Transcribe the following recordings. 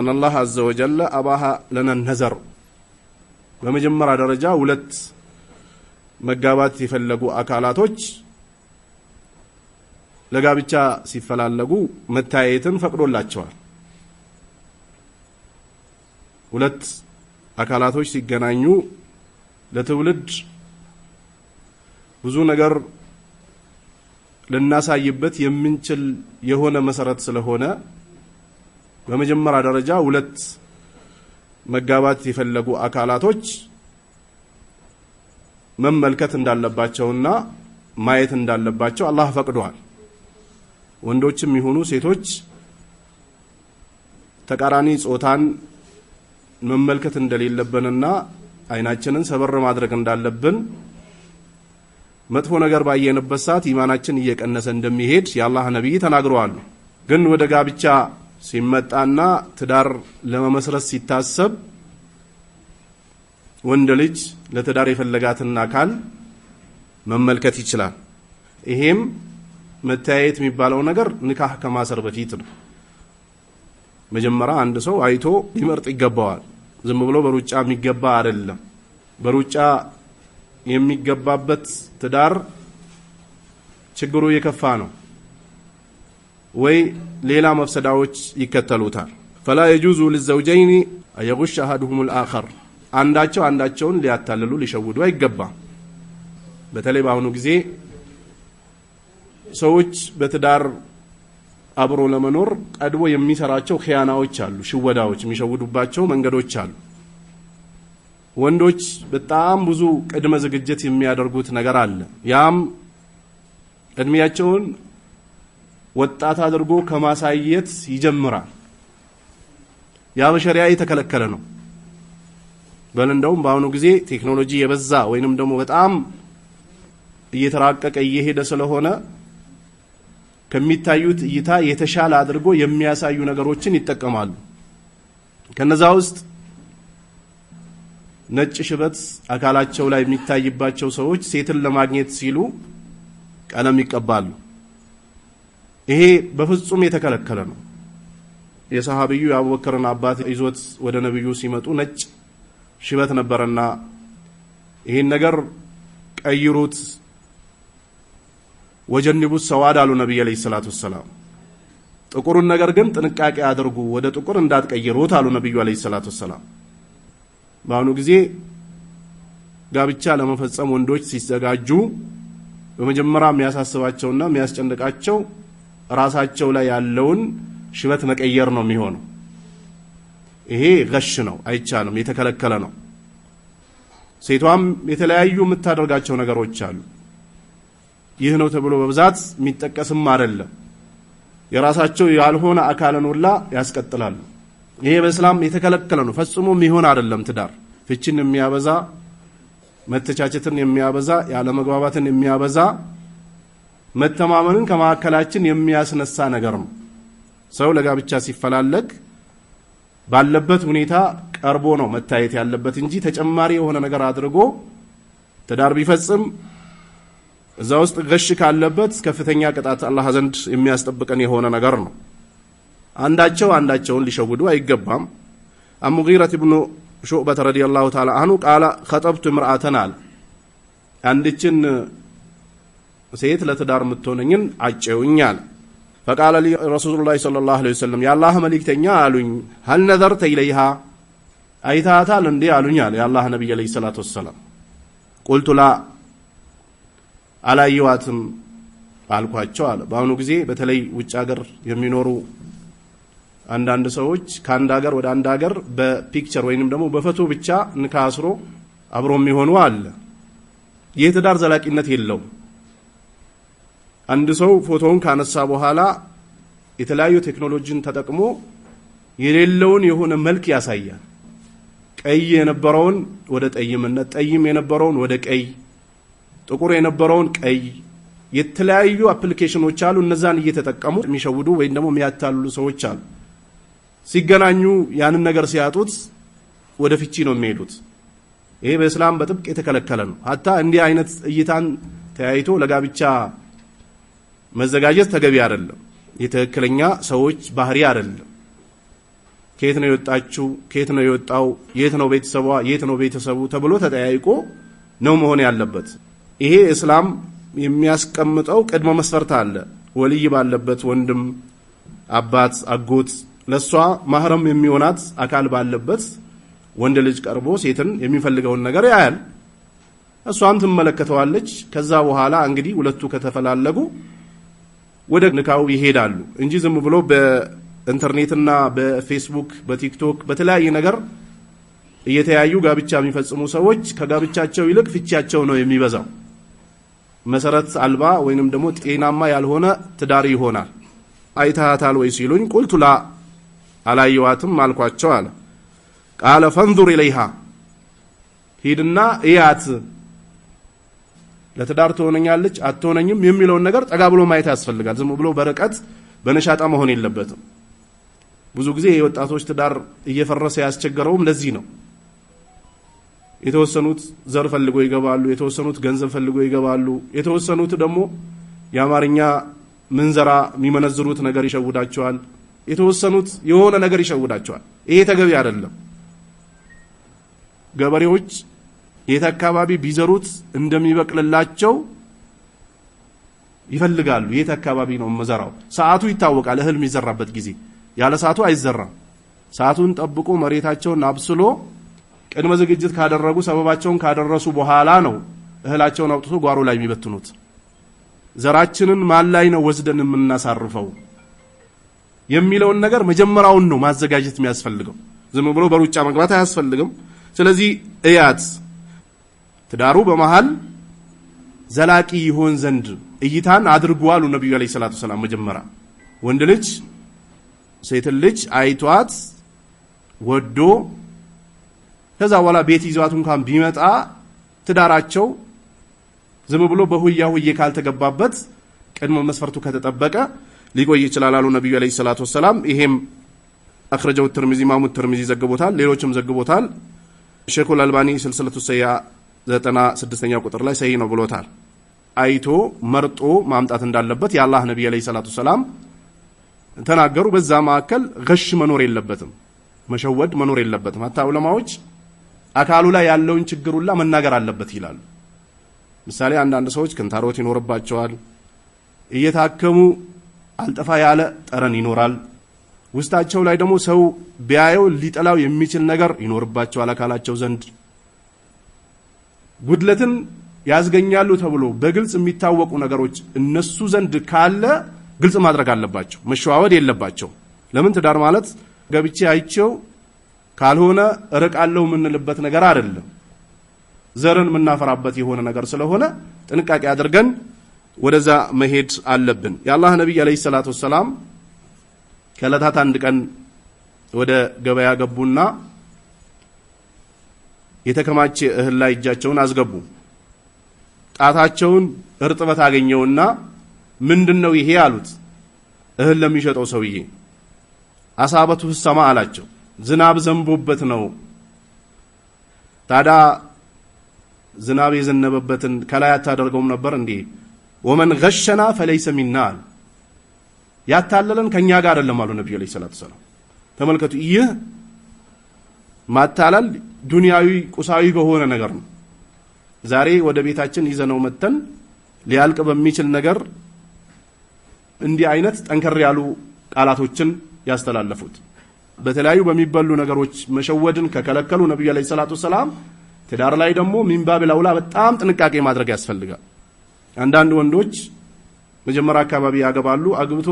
አናላህ አዘ ወጀለ አባሃ ለነ ነዘር በመጀመሪያ ደረጃ ሁለት መጋባት የፈለጉ አካላቶች ለጋብቻ ሲፈላለጉ መታየትን ፈቅዶላቸዋል። ሁለት አካላቶች ሲገናኙ ለትውልድ ብዙ ነገር ልናሳይበት የምንችል የሆነ መሰረት ስለሆነ በመጀመሪያ ደረጃ ሁለት መጋባት የፈለጉ አካላቶች መመልከት እንዳለባቸውና ማየት እንዳለባቸው አላህ ፈቅዷል። ወንዶችም ይሁኑ ሴቶች ተቃራኒ ጾታን መመልከት እንደሌለብንና አይናችንን ሰበር ማድረግ እንዳለብን መጥፎ ነገር ባየንበት ሰዓት ኢማናችን እየቀነሰ እንደሚሄድ የአላህ ነቢይ ተናግረዋል። ግን ወደ ጋብቻ ሲመጣና ትዳር ለመመስረት ሲታሰብ ወንድ ልጅ ለትዳር የፈለጋትን አካል መመልከት ይችላል። ይሄም መተያየት የሚባለው ነገር ንካህ ከማሰር በፊት ነው። መጀመሪያ አንድ ሰው አይቶ ሊመርጥ ይገባዋል። ዝም ብሎ በሩጫ የሚገባ አይደለም። በሩጫ የሚገባበት ትዳር ችግሩ የከፋ ነው። ወይ ሌላ መፍሰዳዎች ይከተሉታል። ፈላ የጁዙ ልዘውጀይኒ የጉሽ አሃዱሁም ልአኸር አንዳቸው አንዳቸውን ሊያታልሉ ሊሸውዱ አይገባም። በተለይ በአሁኑ ጊዜ ሰዎች በትዳር አብሮ ለመኖር ቀድቦ የሚሰራቸው ኪያናዎች አሉ፣ ሽወዳዎች፣ የሚሸውዱባቸው መንገዶች አሉ። ወንዶች በጣም ብዙ ቅድመ ዝግጅት የሚያደርጉት ነገር አለ። ያም እድሜያቸውን ወጣት አድርጎ ከማሳየት ይጀምራል። ያ በሸሪያ የተከለከለ ነው። በል እንደውም በአሁኑ ጊዜ ቴክኖሎጂ የበዛ ወይንም ደግሞ በጣም እየተራቀቀ እየሄደ ስለሆነ ከሚታዩት እይታ የተሻለ አድርጎ የሚያሳዩ ነገሮችን ይጠቀማሉ። ከነዛ ውስጥ ነጭ ሽበት አካላቸው ላይ የሚታይባቸው ሰዎች ሴትን ለማግኘት ሲሉ ቀለም ይቀባሉ። ይሄ በፍጹም የተከለከለ ነው። የሰሃቢዩ የአቡበከርን አባት ይዞት ወደ ነቢዩ ሲመጡ ነጭ ሽበት ነበረና ይህን ነገር ቀይሩት፣ ወጀንቡት ሰዋድ አሉ ነቢይ ዓለይሂ ሰላቱ ወሰላም። ጥቁሩን ነገር ግን ጥንቃቄ አድርጉ፣ ወደ ጥቁር እንዳትቀይሩት አሉ ነቢዩ ዓለይሂ ሰላቱ ወሰላም። በአሁኑ ጊዜ ጋብቻ ለመፈጸም ወንዶች ሲዘጋጁ በመጀመሪያ የሚያሳስባቸውና የሚያስጨንቃቸው ራሳቸው ላይ ያለውን ሽበት መቀየር ነው የሚሆነው። ይሄ ገሽ ነው፣ አይቻልም፣ የተከለከለ ነው። ሴቷም የተለያዩ የምታደርጋቸው ነገሮች አሉ። ይህ ነው ተብሎ በብዛት የሚጠቀስም አይደለም። የራሳቸው ያልሆነ አካልን ሁላ ያስቀጥላሉ። ይሄ በእስላም የተከለከለ ነው፣ ፈጽሞ የሚሆን አይደለም። ትዳር ፍቺን የሚያበዛ መተቻቸትን የሚያበዛ ያለመግባባትን የሚያበዛ መተማመንን ከማዕከላችን የሚያስነሳ ነገር ነው። ሰው ለጋብቻ ሲፈላለግ ባለበት ሁኔታ ቀርቦ ነው መታየት ያለበት እንጂ ተጨማሪ የሆነ ነገር አድርጎ ትዳር ቢፈጽም እዛ ውስጥ ገሽ ካለበት ከፍተኛ ቅጣት አላህ ዘንድ የሚያስጠብቀን የሆነ ነገር ነው። አንዳቸው አንዳቸውን ሊሸውዱ አይገባም። አሙጊረት ብኑ ሹዕበት ረዲየላሁ ተዓላ አንሁ ቃለ ኸጠብቱ ምርአተን አለ አንድችን ሴት ለትዳር የምትሆነኝን አጭውኝ አለ። ፈቃለ ሊ ረሱሉላህ ሰለላሁ ዐለይሂ ወሰለም የአላህ መልእክተኛ አሉኝ፣ ሀል ነዘርተ ኢለይሃ አይታታል እንዴ አሉኝ አለ የአላህ ነቢይ ዐለይሂ ሰላቱ ወሰላም። ቁልቱ ላ አላየዋትም አልኳቸው አለ። በአሁኑ ጊዜ በተለይ ውጭ ሀገር የሚኖሩ አንዳንድ ሰዎች ከአንድ ሀገር ወደ አንድ ሀገር በፒክቸር ወይንም ደግሞ በፎቶ ብቻ ንካ አስሮ አብሮ የሚሆኑ አለ። ይህ ትዳር ዘላቂነት የለውም። አንድ ሰው ፎቶውን ካነሳ በኋላ የተለያዩ ቴክኖሎጂን ተጠቅሞ የሌለውን የሆነ መልክ ያሳያል። ቀይ የነበረውን ወደ ጠይምነት፣ ጠይም የነበረውን ወደ ቀይ፣ ጥቁር የነበረውን ቀይ። የተለያዩ አፕሊኬሽኖች አሉ። እነዛን እየተጠቀሙ የሚሸውዱ ወይም ደግሞ የሚያታልሉ ሰዎች አሉ። ሲገናኙ ያንን ነገር ሲያጡት ወደ ፍቺ ነው የሚሄዱት። ይሄ በእስላም በጥብቅ የተከለከለ ነው። ሀታ እንዲህ አይነት እይታን ተያይቶ ለጋብቻ መዘጋጀት ተገቢ አይደለም። የትክክለኛ ሰዎች ባህሪ አይደለም። ከየት ነው የወጣችው? ከየት ነው የወጣው? የት ነው ቤተሰቧ? የት ነው ቤተሰቡ? ተብሎ ተጠያይቆ ነው መሆን ያለበት። ይሄ እስላም የሚያስቀምጠው ቅድመ መስፈርት አለ። ወልይ ባለበት ወንድም፣ አባት፣ አጎት ለሷ ማህረም የሚሆናት አካል ባለበት ወንድ ልጅ ቀርቦ ሴትን የሚፈልገውን ነገር ያያል። እሷን ትመለከተዋለች። ከዛ በኋላ እንግዲህ ሁለቱ ከተፈላለጉ ወደ ንካው ይሄዳሉ እንጂ ዝም ብሎ በኢንተርኔትና በፌስቡክ በቲክቶክ በተለያየ ነገር እየተያዩ ጋብቻ የሚፈጽሙ ሰዎች ከጋብቻቸው ይልቅ ፍቻቸው ነው የሚበዛው። መሰረት አልባ ወይንም ደግሞ ጤናማ ያልሆነ ትዳር ይሆናል። አይተሃታል ወይ ሲሉኝ ላ አላየዋትም አልኳቸው አለ ቃለ ፈንዙር ኢለይሃ ሂድና እያት ለትዳር ትሆነኛለች አትሆነኝም የሚለውን ነገር ጠጋ ብሎ ማየት ያስፈልጋል። ዝም ብሎ በርቀት በነሻጣ መሆን የለበትም። ብዙ ጊዜ የወጣቶች ትዳር እየፈረሰ ያስቸገረውም ለዚህ ነው። የተወሰኑት ዘር ፈልጎ ይገባሉ፣ የተወሰኑት ገንዘብ ፈልጎ ይገባሉ፣ የተወሰኑት ደግሞ የአማርኛ ምንዘራ የሚመነዝሩት ነገር ይሸውዳቸዋል፣ የተወሰኑት የሆነ ነገር ይሸውዳቸዋል። ይሄ ተገቢ አይደለም። ገበሬዎች የት አካባቢ ቢዘሩት እንደሚበቅልላቸው ይፈልጋሉ። የት አካባቢ ነው መዘራው? ሰዓቱ ይታወቃል። እህል የሚዘራበት ጊዜ ያለ ሰዓቱ አይዘራም። ሰዓቱን ጠብቆ መሬታቸውን አብስሎ ቅድመ ዝግጅት ካደረጉ ሰበባቸውን ካደረሱ በኋላ ነው እህላቸውን አውጥቶ ጓሮ ላይ የሚበትኑት። ዘራችንን ማን ላይ ነው ወስደን የምናሳርፈው የሚለውን ነገር መጀመሪያውን ነው ማዘጋጀት የሚያስፈልገው። ዝም ብሎ በሩጫ መግባት አያስፈልግም። ስለዚህ እያት ትዳሩ በመሃል ዘላቂ ይሆን ዘንድ እይታን አድርጉ አሉ ነቢዩ ዓለይሂ ሰላቱ ወሰላም። መጀመሪያ ወንድ ልጅ ሴትን ልጅ አይቷት ወዶ ከዛ በኋላ ቤት ይዟት እንኳን ቢመጣ ትዳራቸው ዝም ብሎ በሁያ ሁዬ ካልተገባበት ቅድመ መስፈርቱ ከተጠበቀ ሊቆይ ይችላል አሉ ነቢዩ ዓለይሂ ሰላቱ ወሰላም። ይሄም አክረጀው ትርሚዚ፣ ኢማሙ ትርሚዚ ዘግቦታል፣ ሌሎችም ዘግቦታል። ሼኹል አልባኒ ስልስለቱ ሰያ ዘጠና ስድስተኛ ቁጥር ላይ ሰይ ነው ብሎታል። አይቶ መርጦ ማምጣት እንዳለበት የአላህ ነቢይ ዓለይሂ ሰላቱ ሰላም ተናገሩ። በዛ መካከል ገሽ መኖር የለበትም፣ መሸወድ መኖር የለበትም። ሀታ ዑለማዎች አካሉ ላይ ያለውን ችግሩላ መናገር አለበት ይላሉ። ምሳሌ አንዳንድ ሰዎች ክንታሮት ይኖርባቸዋል። እየታከሙ አልጠፋ ያለ ጠረን ይኖራል። ውስጣቸው ላይ ደግሞ ሰው ቢያየው ሊጠላው የሚችል ነገር ይኖርባቸዋል አካላቸው ዘንድ ጉድለትን ያስገኛሉ ተብሎ በግልጽ የሚታወቁ ነገሮች እነሱ ዘንድ ካለ ግልጽ ማድረግ አለባቸው። መሸዋወድ የለባቸው። ለምን ትዳር ማለት ገብቼ አይቼው ካልሆነ እርቃለሁ የምንልበት ነገር አይደለም። ዘርን የምናፈራበት የሆነ ነገር ስለሆነ ጥንቃቄ አድርገን ወደዛ መሄድ አለብን። የአላህ ነቢይ ዓለይሂ ሰላቱ ወሰላም ከዕለታት አንድ ቀን ወደ ገበያ ገቡና የተከማቸ እህል ላይ እጃቸውን አስገቡ። ጣታቸውን እርጥበት አገኘውና ምንድን ነው ይሄ አሉት። እህል ለሚሸጠው ሰውዬ አሳበቱ ሰማ አላቸው። ዝናብ ዘንቦበት ነው። ታዳ ዝናብ የዘነበበትን ከላይ አታደርገውም ነበር እንዴ? ወመን ገሸና ፈለይሰ ሚና አሉ። ያታለለን ከእኛ ጋር አይደለም አሉ ነቢዩ ዓለይሂ ሰላቱ ወሰላም። ተመልከቱ ይህ ማታለል ዱንያዊ ቁሳዊ በሆነ ነገር ነው። ዛሬ ወደ ቤታችን ይዘነው መተን ሊያልቅ በሚችል ነገር እንዲህ አይነት ጠንከር ያሉ ቃላቶችን ያስተላለፉት በተለያዩ በሚበሉ ነገሮች መሸወድን ከከለከሉ ነብዩ አለይሂ ሰላቱ ሰላም ትዳር ላይ ደግሞ ሚንባብ ለውላ በጣም ጥንቃቄ ማድረግ ያስፈልጋል። አንዳንድ ወንዶች መጀመሪያ አካባቢ ያገባሉ። አግብቶ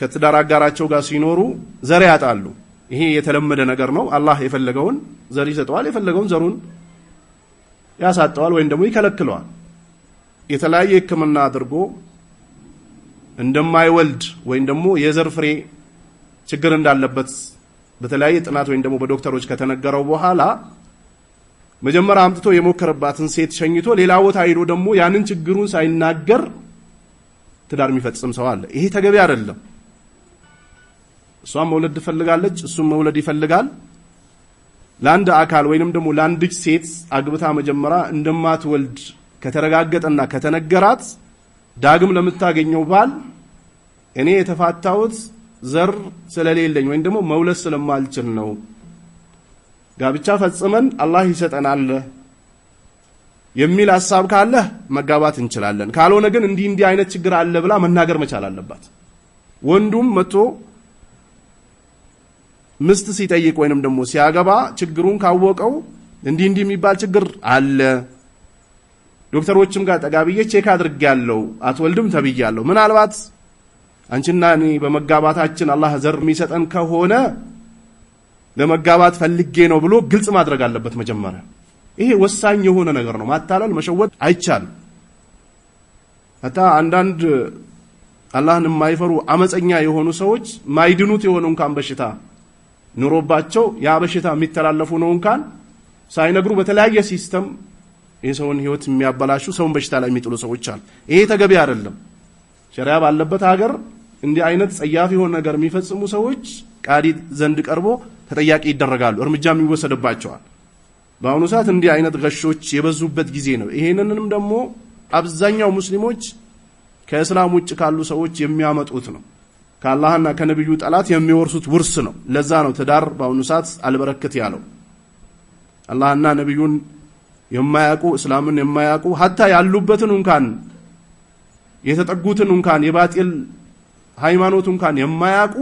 ከትዳር አጋራቸው ጋር ሲኖሩ ዘር ያጣሉ። ይሄ የተለመደ ነገር ነው። አላህ የፈለገውን ዘር ይሰጠዋል፣ የፈለገውን ዘሩን ያሳጠዋል ወይም ደግሞ ይከለክለዋል። የተለያየ ሕክምና አድርጎ እንደማይወልድ ወይም ደግሞ የዘር ፍሬ ችግር እንዳለበት በተለያየ ጥናት ወይም ደግሞ በዶክተሮች ከተነገረው በኋላ መጀመሪያ አምጥቶ የሞከረባትን ሴት ሸኝቶ ሌላ ቦታ ሂዶ ደግሞ ያንን ችግሩን ሳይናገር ትዳር የሚፈጽም ሰው አለ። ይሄ ተገቢ አይደለም። እሷም መውለድ ትፈልጋለች፣ እሱም መውለድ ይፈልጋል። ለአንድ አካል ወይንም ደግሞ ለአንድ ሴት አግብታ መጀመሪያ እንደማትወልድ ከተረጋገጠና ከተነገራት ዳግም ለምታገኘው ባል እኔ የተፋታሁት ዘር ስለሌለኝ ወይም ደግሞ መውለድ ስለማልችል ነው፣ ጋብቻ ፈጽመን አላህ ይሰጠናል የሚል ሀሳብ ካለ መጋባት እንችላለን። ካልሆነ ግን እንዲህ እንዲህ አይነት ችግር አለ ብላ መናገር መቻል አለባት። ወንዱም መጥቶ ምስት ሲጠይቅ ወይንም ደግሞ ሲያገባ ችግሩን ካወቀው እንዲህ እንዲህ የሚባል ችግር አለ፣ ዶክተሮችም ጋር ጠጋብዬ ቼክ ያለው አትወልድም ተብያለሁ። ምናልባት አንቺና እኔ በመጋባታችን አላህ ዘር የሚሰጠን ከሆነ ለመጋባት ፈልጌ ነው ብሎ ግልጽ ማድረግ አለበት መጀመሪያ። ይሄ ወሳኝ የሆነ ነገር ነው። ማታለል፣ መሸወድ አይቻልም። አታ አንዳንድ አላህን የማይፈሩ አመፀኛ የሆኑ ሰዎች ማይድኑት የሆኑ እንኳን በሽታ ኑሮባቸው ያ በሽታ የሚተላለፉ ነው እንኳን ሳይነግሩ በተለያየ ሲስተም የሰውን ህይወት የሚያበላሹ ሰውን በሽታ ላይ የሚጥሉ ሰዎች አሉ። ይሄ ተገቢ አይደለም። ሸሪያ ባለበት ሀገር እንዲህ አይነት ጸያፍ የሆነ ነገር የሚፈጽሙ ሰዎች ቃዲ ዘንድ ቀርቦ ተጠያቂ ይደረጋሉ፣ እርምጃም ይወሰድባቸዋል። በአሁኑ ሰዓት እንዲህ አይነት ገሾች የበዙበት ጊዜ ነው። ይሄንንም ደግሞ አብዛኛው ሙስሊሞች ከእስላም ውጭ ካሉ ሰዎች የሚያመጡት ነው። ከአላህና ከነቢዩ ጠላት የሚወርሱት ውርስ ነው። ለዛ ነው ትዳር በአሁኑ ሰዓት አልበረክት ያለው። አላህና ነቢዩን የማያውቁ እስላምን የማያውቁ ሀታ ያሉበትን እንኳን የተጠጉትን እንኳን የባጢል ሃይማኖት እንኳን የማያውቁ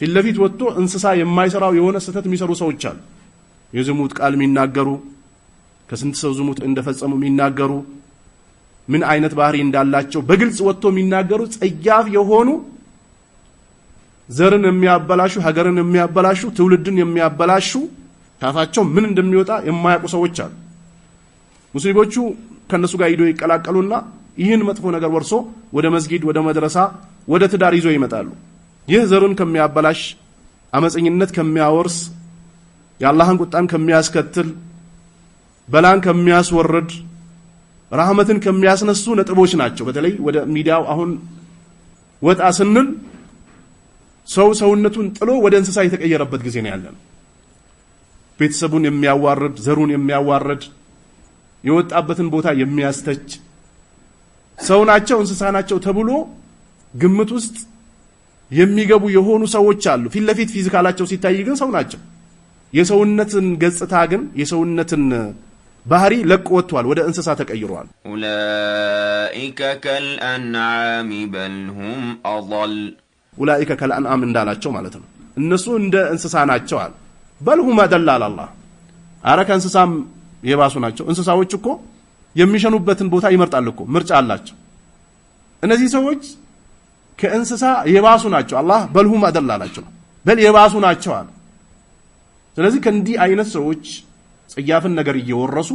ፊት ለፊት ወጥቶ እንስሳ የማይሰራው የሆነ ስህተት የሚሰሩ ሰዎች አሉ። የዝሙት ቃል የሚናገሩ ከስንት ሰው ዝሙት እንደፈጸሙ የሚናገሩ ምን አይነት ባህሪ እንዳላቸው በግልጽ ወጥቶ የሚናገሩ ጸያፍ የሆኑ ዘርን የሚያበላሹ ሀገርን የሚያበላሹ ትውልድን የሚያበላሹ ካፋቸው ምን እንደሚወጣ የማያውቁ ሰዎች አሉ። ሙስሊሞቹ ከነሱ ጋር ሂዶ ይቀላቀሉና ይህን መጥፎ ነገር ወርሶ ወደ መስጊድ፣ ወደ መድረሳ፣ ወደ ትዳር ይዞ ይመጣሉ። ይህ ዘሩን ከሚያበላሽ አመፀኝነት ከሚያወርስ የአላህን ቁጣን ከሚያስከትል በላን ከሚያስወርድ ረህመትን ከሚያስነሱ ነጥቦች ናቸው። በተለይ ወደ ሚዲያው አሁን ወጣ ስንል ሰው ሰውነቱን ጥሎ ወደ እንስሳ የተቀየረበት ጊዜ ነው ያለን። ቤተሰቡን የሚያዋርድ ዘሩን የሚያዋርድ የወጣበትን ቦታ የሚያስተች ሰው ናቸው እንስሳ ናቸው ተብሎ ግምት ውስጥ የሚገቡ የሆኑ ሰዎች አሉ። ፊት ለፊት ፊዚካላቸው ሲታይ ግን ሰው ናቸው። የሰውነትን ገጽታ ግን የሰውነትን ባህሪ ለቅ ወጥቷል፣ ወደ እንስሳ ተቀይሯል። ኡላኢከ ከልአንዓሚ በልሁም አል ኡላኢከ ከልአንአም እንዳላቸው ማለት ነው እነሱ እንደ እንስሳ ናቸው አለ በልሁማ ደላ አላህ አረ ከእንስሳም የባሱ ናቸው እንስሳዎች እኮ የሚሸኑበትን ቦታ ይመርጣል እኮ ምርጫ አላቸው እነዚህ ሰዎች ከእንስሳ የባሱ ናቸው አላህ በልሁም አደላ አላቸው በል የባሱ ናቸው አለ ስለዚህ ከእንዲህ አይነት ሰዎች ጽያፍን ነገር እየወረሱ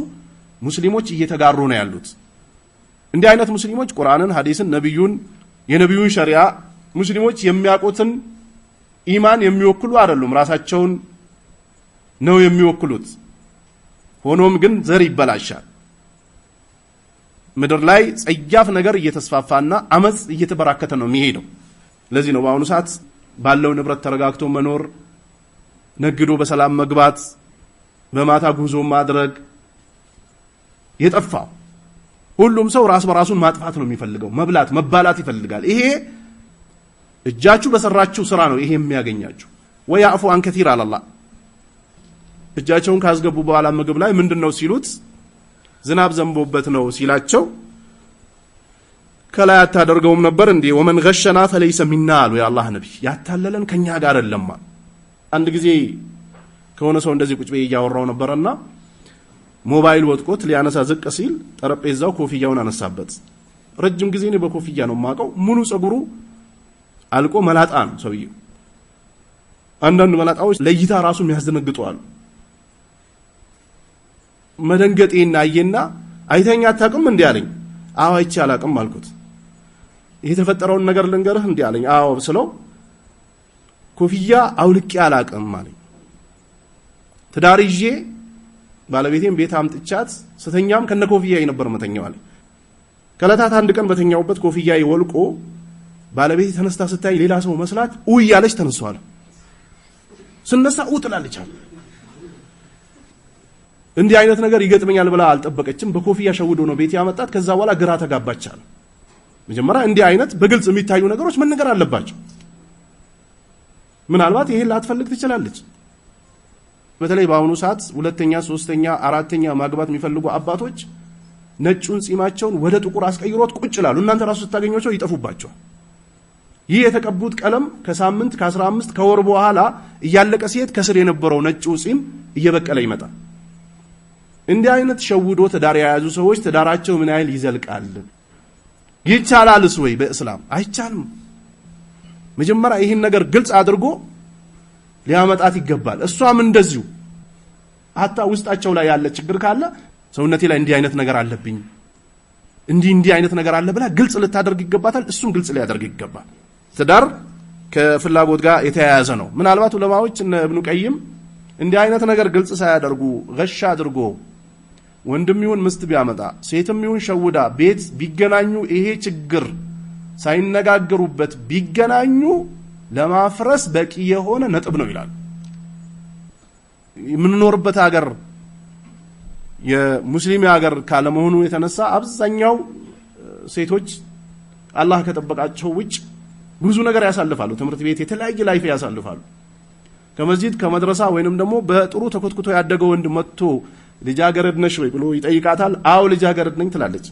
ሙስሊሞች እየተጋሩ ነው ያሉት እንዲህ አይነት ሙስሊሞች ቁርአንን ሀዲስን ነቢዩን የነቢዩን ሸሪያ ሙስሊሞች የሚያውቁትን ኢማን የሚወክሉ አይደሉም፣ ራሳቸውን ነው የሚወክሉት። ሆኖም ግን ዘር ይበላሻል። ምድር ላይ ጸያፍ ነገር እየተስፋፋና አመፅ እየተበራከተ ነው የሚሄደው። ለዚህ ነው በአሁኑ ሰዓት ባለው ንብረት ተረጋግቶ መኖር፣ ነግዶ በሰላም መግባት፣ በማታ ጉዞ ማድረግ የጠፋው። ሁሉም ሰው ራስ በራሱን ማጥፋት ነው የሚፈልገው። መብላት መባላት ይፈልጋል። ይሄ እጃችሁ በሰራችሁ ስራ ነው ይሄ የሚያገኛችሁ። ወይ አፉ አንከቲር አላላ እጃቸውን ካስገቡ በኋላ ምግብ ላይ ምንድን ነው ሲሉት ዝናብ ዘንቦበት ነው ሲላቸው ከላይ አታደርገውም ነበር እንዴ? ወመን ገሸና ፈለይሰ ሚና አሉ የአላህ ነቢ። ያታለለን ከኛ ጋር አይደለም። አንድ ጊዜ ከሆነ ሰው እንደዚህ ቁጭ ብዬ እያወራው ነበረና ሞባይል ወጥቆት ሊያነሳ ዝቅ ሲል ጠረጴዛው ኮፍያውን አነሳበት። ረጅም ጊዜ እኔ በኮፍያ ነው የማውቀው ሙሉ ጸጉሩ አልቆ መላጣ ነው ሰውየው። አንዳንድ መላጣዎች ለእይታ ራሱ የሚያስደነግጡ አሉ። መደንገጤና አየና አይተኛ አታውቅም እንዲህ አለኝ። አዎ አይቼ አላውቅም አልኩት። የተፈጠረውን ነገር ልንገርህ እንዲህ አለኝ። አዎ ስለው ኮፍያ አውልቄ አላውቅም አለኝ። ትዳር ይዤ ባለቤቴም ቤት አምጥቻት ስተኛም ከነ ኮፍያ ነበር መተኛው አለኝ። ከዕለታት አንድ ቀን በተኛውበት ኮፍያ ወልቆ ባለቤት ተነስታ ስታይ ሌላ ሰው መስላት ኡ እያለች ተነሷል። ስነሳ ኡ ጥላለች። እንዲህ አይነት ነገር ይገጥመኛል ብላ አልጠበቀችም። በኮፍያ ሸውዶ ነው ቤት ያመጣት። ከዛ በኋላ ግራ ተጋባቻል። መጀመሪያ እንዲህ አይነት በግልጽ የሚታዩ ነገሮች መነገር አለባቸው። ምናልባት ይሄን ላትፈልግ ትችላለች። በተለይ በአሁኑ ሰዓት ሁለተኛ፣ ሶስተኛ፣ አራተኛ ማግባት የሚፈልጉ አባቶች ነጩን ጺማቸውን ወደ ጥቁር አስቀይሮት ቁጭ ይላሉ። እናንተ ራሱ ስታገኟቸው ይጠፉባቸዋል። ይህ የተቀቡት ቀለም ከሳምንት ከ15 ከወር በኋላ እያለቀ ሲሄድ ከስር የነበረው ነጭ ፂም እየበቀለ ይመጣል። እንዲህ አይነት ሸውዶ ትዳር የያዙ ሰዎች ትዳራቸው ምን ያህል ይዘልቃል? ይቻላልስ ወይ? በእስላም አይቻልም። መጀመሪያ ይህን ነገር ግልጽ አድርጎ ሊያመጣት ይገባል። እሷም እንደዚሁ አታ ውስጣቸው ላይ ያለ ችግር ካለ ሰውነቴ ላይ እንዲህ አይነት ነገር አለብኝ፣ እንዲህ እንዲህ አይነት ነገር አለ ብላ ግልጽ ልታደርግ ይገባታል። እሱም ግልጽ ሊያደርግ ይገባል። ትዳር ከፍላጎት ጋር የተያያዘ ነው። ምናልባት ዑለማዎች እነ እብኑ ቀይም እንዲህ አይነት ነገር ግልጽ ሳያደርጉ ገሻ አድርጎ ወንድም ይሁን ምስት ቢያመጣ ሴትም ይሁን ሸውዳ ቤት ቢገናኙ ይሄ ችግር ሳይነጋገሩበት ቢገናኙ ለማፍረስ በቂ የሆነ ነጥብ ነው ይላል። የምንኖርበት ሀገር የሙስሊም ሀገር ካለመሆኑ የተነሳ አብዛኛው ሴቶች አላህ ከጠበቃቸው ውጭ ብዙ ነገር ያሳልፋሉ። ትምህርት ቤት የተለያየ ላይፍ ያሳልፋሉ። ከመስጂድ ከመድረሳ ወይንም ደግሞ በጥሩ ተኮትኩቶ ያደገ ወንድ መጥቶ ልጃገረድ ነሽ ወይ ብሎ ይጠይቃታል። አዎ ልጃገረድ ነኝ ትላለች።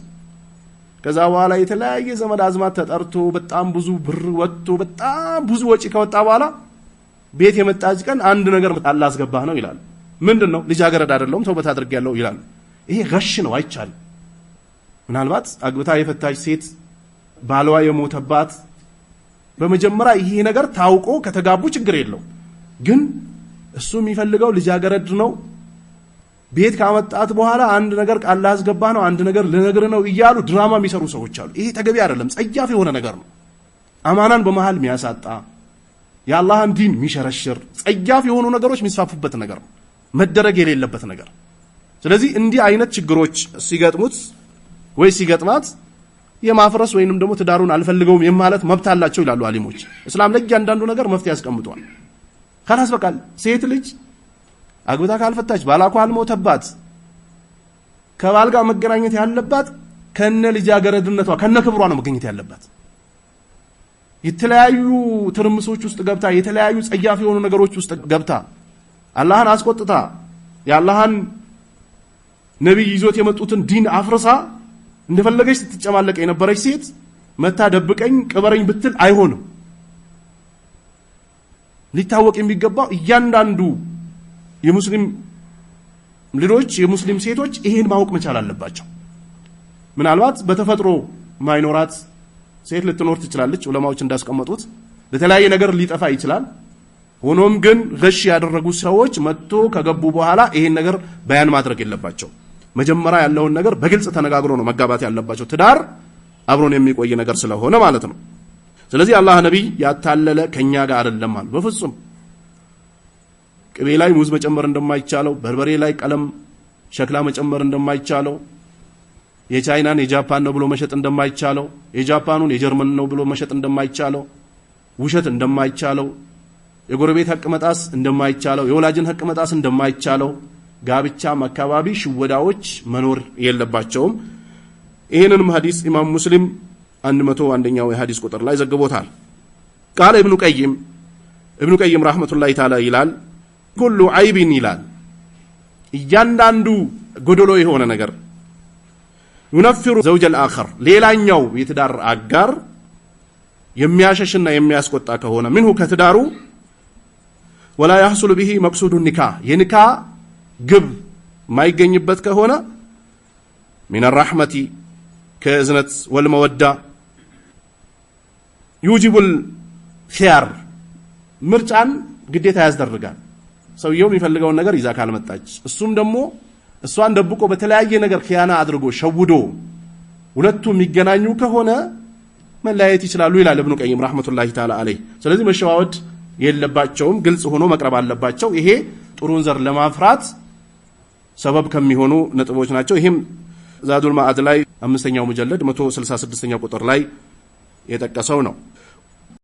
ከዛ በኋላ የተለያየ ዘመድ አዝማት ተጠርቶ በጣም ብዙ ብር ወጥቶ በጣም ብዙ ወጪ ከወጣ በኋላ ቤት የመጣች ቀን አንድ ነገር አላስገባህ ነው ይላል። ምንድን ነው? ልጃገረድ አይደለሁም ተውበት አድርጌያለሁ ይላል። ይሄ ገሽ ነው፣ አይቻልም። ምናልባት አግብታ የፈታች ሴት ባለዋ የሞተባት በመጀመሪያ ይህ ነገር ታውቆ ከተጋቡ ችግር የለው። ግን እሱ የሚፈልገው ልጃገረድ ነው። ቤት ካመጣት በኋላ አንድ ነገር ቃል ላስገባ ነው፣ አንድ ነገር ልነግር ነው እያሉ ድራማ የሚሰሩ ሰዎች አሉ። ይሄ ተገቢ አይደለም፣ ጸያፍ የሆነ ነገር ነው። አማናን በመሃል የሚያሳጣ የአላህን ዲን የሚሸረሽር ጸያፍ የሆኑ ነገሮች የሚስፋፉበት ነገር ነው፣ መደረግ የሌለበት ነገር። ስለዚህ እንዲህ አይነት ችግሮች ሲገጥሙት ወይ ሲገጥማት የማፍረስ ወይንም ደግሞ ትዳሩን አልፈልገውም የማለት መብት አላቸው ይላሉ አሊሞች። እስላም ለእያንዳንዱ ነገር መፍትሄ ያስቀምጧል። ካላስ በቃል ሴት ልጅ አግብታ ካልፈታች ባላኳ አልሞተባት ከባል ጋር መገናኘት ያለባት ከነ ልጃገረድነቷ ከነ ክብሯ ነው መገኘት ያለባት። የተለያዩ ትርምሶች ውስጥ ገብታ የተለያዩ ጸያፍ የሆኑ ነገሮች ውስጥ ገብታ አላህን አስቆጥታ የአላህን ነቢይ ይዞት የመጡትን ዲን አፍርሳ እንደፈለገች ስትጨማለቅ የነበረች ሴት መታ ደብቀኝ ቅበረኝ ብትል አይሆንም። ሊታወቅ የሚገባው እያንዳንዱ የሙስሊም ልጆች የሙስሊም ሴቶች ይሄን ማወቅ መቻል አለባቸው። ምናልባት በተፈጥሮ ማይኖራት ሴት ልትኖር ትችላለች። ዑለማዎች እንዳስቀመጡት ለተለያየ ነገር ሊጠፋ ይችላል። ሆኖም ግን ገሽ ያደረጉ ሰዎች መጥቶ ከገቡ በኋላ ይሄን ነገር በያን ማድረግ የለባቸው። መጀመሪያ ያለውን ነገር በግልጽ ተነጋግሮ ነው መጋባት ያለባቸው። ትዳር አብሮን የሚቆይ ነገር ስለሆነ ማለት ነው። ስለዚህ አላህ ነቢይ ያታለለ ከኛ ጋር አይደለም አሉ። በፍጹም ቅቤ ላይ ሙዝ መጨመር እንደማይቻለው፣ በርበሬ ላይ ቀለም ሸክላ መጨመር እንደማይቻለው፣ የቻይናን የጃፓን ነው ብሎ መሸጥ እንደማይቻለው፣ የጃፓኑን የጀርመን ነው ብሎ መሸጥ እንደማይቻለው፣ ውሸት እንደማይቻለው፣ የጎረቤት ሀቅ መጣስ እንደማይቻለው፣ የወላጅን ሀቅ መጣስ እንደማይቻለው ጋብቻም አካባቢ ሽወዳዎች መኖር የለባቸውም። ይህንንም ሀዲስ ኢማም ሙስሊም 1መቶ አንደኛው የሀዲስ ቁጥር ላይ ዘግቦታል። ቃለ እብኑ ቀይም እብኑ ቀይም ረሕመቱላሂ ተዓላ ይላል ኩሉ አይቢን ይላል እያንዳንዱ ጎደሎ የሆነ ነገር ዩነፍሩ ዘውጀል አኸር ሌላኛው የትዳር አጋር የሚያሸሽና የሚያስቆጣ ከሆነ ምንሁ ከትዳሩ ወላ ያሕሱሉ ብሂ መቅሱዱ ኒካህ የኒካህ ግብ የማይገኝበት ከሆነ ሚን ራሕመቲ ከእዝነት ወልመወዳ ዩጅቡል ኪያር ምርጫን ግዴታ ያስደርጋል። ሰውየው የሚፈልገውን ነገር ይዛ ካልመጣች እሱም ደግሞ እሷን ደብቆ በተለያየ ነገር ኪያና አድርጎ ሸውዶ ሁለቱ የሚገናኙ ከሆነ መለያየት ይችላሉ ይላል እብኑ ቀይም ረሕመቱላሂ ተዓላ አለይ ስለዚህ መሸዋወድ የለባቸውም፣ ግልጽ ሆኖ መቅረብ አለባቸው። ይሄ ጥሩን ዘር ለማፍራት ሰበብ ከሚሆኑ ነጥቦች ናቸው። ይህም ዛዱል ማዕድ ላይ አምስተኛው ሙጀለድ 166ኛ ቁጥር ላይ የጠቀሰው ነው።